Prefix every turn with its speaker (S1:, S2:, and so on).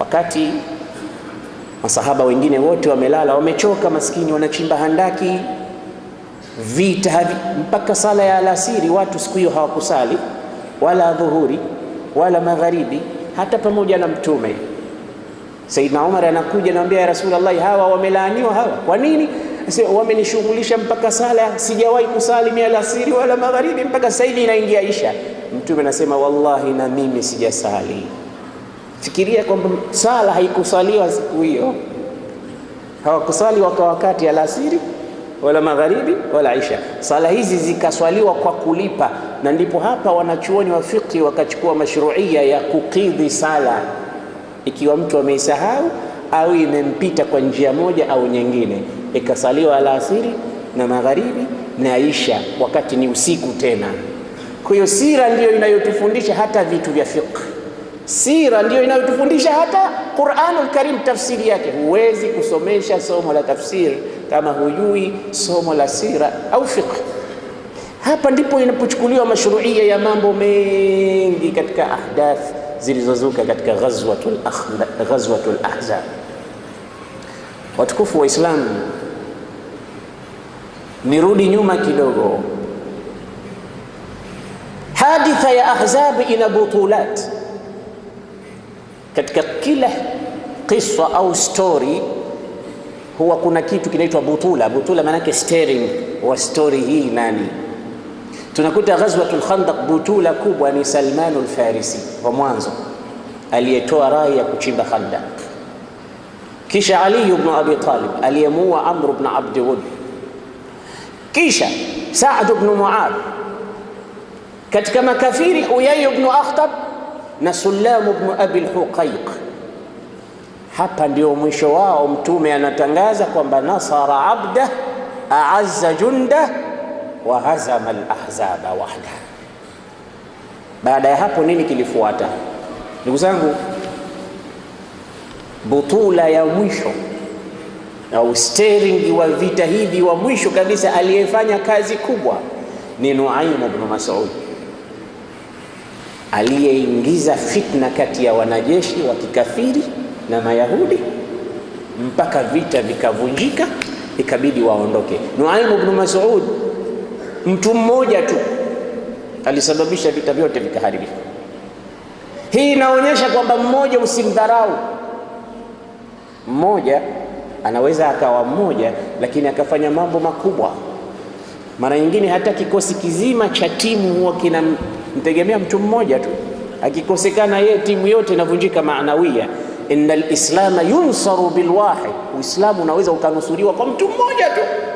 S1: wakati masahaba wengine wote wamelala, wamechoka, maskini wanachimba handaki, vita havi, mpaka sala ya alasiri watu siku hiyo hawakusali wala dhuhuri wala magharibi, hata pamoja na Mtume. Saidna Umar anakuja anamwambia, ya Rasulullah, hawa wamelaaniwa hawa, kwa nini wamenishughulisha mpaka sala sijawahi kusali alasiri wala magharibi, mpaka sasa hivi inaingia Isha. Mtume anasema, wallahi na mimi sijasali Fikiria kwamba sala haikusaliwa siku hiyo, hawakusali waka wakati alasiri wala magharibi wala isha. Sala hizi zikaswaliwa kwa kulipa, na ndipo hapa wanachuoni wa fiqh wakachukua mashruia ya kukidhi sala ikiwa mtu ameisahau au imempita kwa njia moja au nyingine, ikasaliwa alasiri na magharibi na isha, wakati ni usiku tena. Kwa hiyo sira ndiyo inayotufundisha hata vitu vya fiqh Sira ndiyo inayotufundisha hata Qur'anul Karim tafsiri yake. Huwezi kusomesha somo la tafsiri kama hujui somo la sira au fiqh. Hapa ndipo inapochukuliwa mashruia ya mambo mengi katika ahdath zilizozuka katika ghazwatul ghazwatul ahzab. Watukufu wa Islam, nirudi nyuma kidogo. Haditha ya Ahzab ina butulat katika kila kiswa au story huwa kuna kitu kinaitwa butula. Butula maanake steering wa story hii nani? Tunakuta Ghazwatul Khandaq, butula kubwa ni Salmanul Farisi wa mwanzo aliyetoa rai ya kuchimba Khandaq, kisha Ali ibn Abi Talib aliyemua Amr ibn Abd Wud, kisha Saad ibn muad katika makafiri Uyay ibn Akhtab na Sulamu bnu Abi Lhuqaiq. Hapa ndio mwisho wao. Mtume anatangaza kwamba nasara abda aazza junda wa hazama al-ahzaba wahda. Baada ya hapo nini kilifuata? Ndugu zangu, butula ya mwisho na ustering wa vita hivi wa mwisho kabisa, aliyefanya kazi kubwa ni Nuaimu bnu Mas'ud aliyeingiza fitna kati ya wanajeshi wa kikafiri na Mayahudi mpaka vita vikavunjika, ikabidi waondoke. Nuaimu bnu Mas'ud, mtu mmoja tu alisababisha vita vyote vikaharibika. Hii inaonyesha kwamba mmoja, usimdharau mmoja. Anaweza akawa mmoja, lakini akafanya mambo makubwa. Mara nyingine hata kikosi kizima cha timu huwa kinamtegemea mtu mmoja tu, akikosekana yeye timu yote inavunjika maanawia. Inna lislama yunsaru bilwahid, Uislamu unaweza ukanusuriwa kwa mtu mmoja tu.